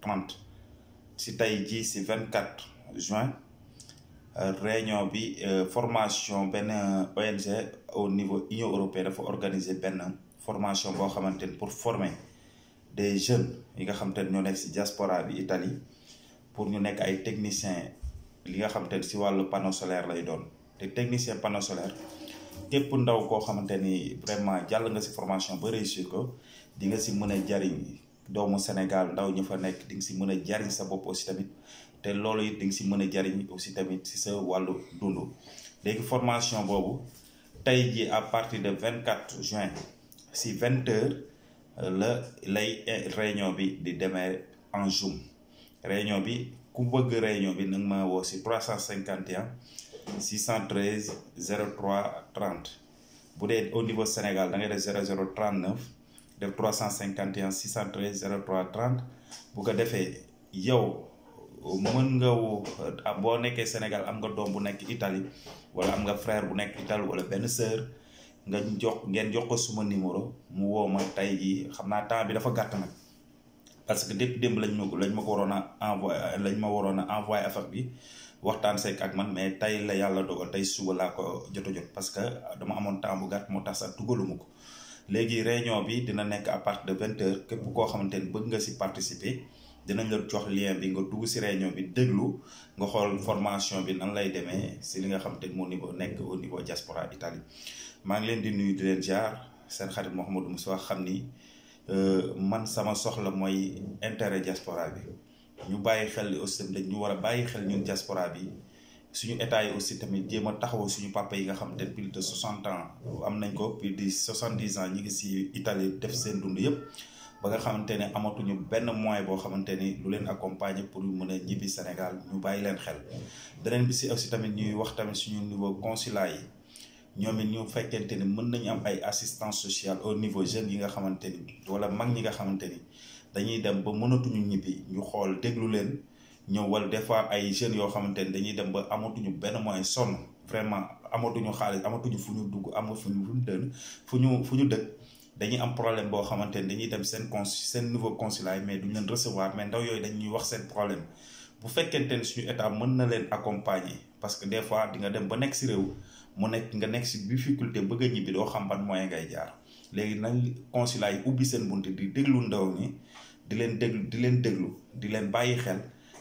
30 si c'est jii 24 juin euh, réunion bi euh, formation ben euh, ONG au niveau Union européenne dafa organiser ben formation bo xamantene pour former des jeunes yi nga xamantene ni ñoo nekk ci diaspora bi Italie pour ñu nek ay techniciens li nga xamantene ci walu panneau solaire lay doon te technicien panneau solaire képp ndaw koo xamante vraiment jall nga ci formation ba réussir ko di nga ci mëna jariñ au Sénégal ndaw ñu fa nekk di nga si mën a jariñ sa bopp aussi tamit te loolu it di nga si mën a aussi tamit si sa wàllu dund léegi formation à partir de 24 juin si 20 heures la eh, réunion bi di en zoom réunion bi ku réunion bi na ma 351 613 03 30 bu au niveau Sénégal da 0039 def 351 613 03 30 bu ko defee yow mën nga ah, boo nekkee Sénégal am nga doom bu nekk Italie wala am nga frère bu nekk Italie wala benn sœur nga jox ngeen jox ko suma numéro mu woo ma tey jii xam naa temps bi dafa gàtt nag parce que depuis démb lañ ma ko lañ ma ko waroon a envoyé lañ ma waroon a envoyé affaire bi waxtaan seeg ak man mais tey la yàlla dogal tey suba laa ko jot a jot parce que dama amoon temps bu gàtt moo tax sax dugaluma ko. léegi réunion bi dina nekk à partir de vingt képp koo xamante ni bëgg nga si participer dinañ la jox lien bi nga dugg si réunion bi déglu nga xool formation bi nan lay demee si li nga xam ni moo niveau nekk au niveau diaspora Italie maa ngi leen di nuyu di leen jaar seen xarit Mouhamadou Moussa xam ni euh, man sama soxla mooy intérêt diaspora bi ñu bàyyi xel aussi dañ ñu war a bàyyi xel ñun diaspora bi. suñu état yi aussi tamit jéem a taxaw suñu papa yi nga xam te plus de soixante ans am nañ ko plus de soixante dix ans ñi ngi si Italie def seen dund yëpp ba nga xamante ne amatuñu benn moyen boo xamante ni lu leen accompagner pour mën a ñibbi Sénégal ñu bàyyi leen xel. beneen bi si aussi tamit ñuy wax tamit suñu niveau consulat yi ñoom it ñu fekkente ni mën nañu am ay assistance sociale au niveau jeunes yi nga xamante ni wala mag ñi nga xamante ni dañuy dem ba mënatuñu ñibbi ñu xool déglu leen. ñëw wala des fois ay jeunes yoo xamante ne dañuy dem ba amatuñu benn moyen sonn vraiment amatuñu xaalis amatuñu fu ñu dugg amatuñu fu ñu dënn fu ñu fu ñu dëkk dañuy am problème boo xamante ne dañuy dem seen cons seen nouveau consulat mais duñu leen recevoir mais ndaw yooyu dañuy wax seen problème bu fekkente ne suñu état mën na leen accompagner parce que des fois di nga dem ba nekk si réew mu nekk nga nekk si difficulté bëgg a ñibbi doo xam ban moyen ngay jaar léegi nañ consulat yi ubbi seen bunt di déglu ndaw ñi di leen déglu di leen déglu di leen bàyyi xel.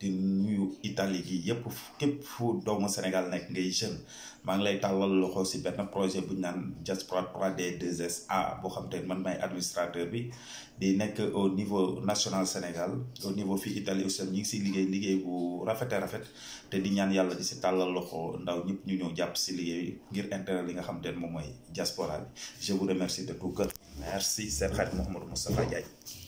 de nuyu Italie gi yëpp képp fu doomu Sénégal nekk ngay jeune maa ngi lay tàllal loxo si benn projet bu ñu naan Diaspora 3D 2SA boo xam te man may administrateur bi di nekk au niveau national Sénégal au niveau fii Italie aussi ñu ngi si liggéey liggéey bu rafete rafet te di ñaan yàlla di si tàllal loxo ndaw ñëpp ñu ñëw jàpp si liggéey ngir intérêt li nga xam te moom mooy diaspora bi je vous remercie de tout cœur merci seen xarit Mouhamadou Moustapha Diagne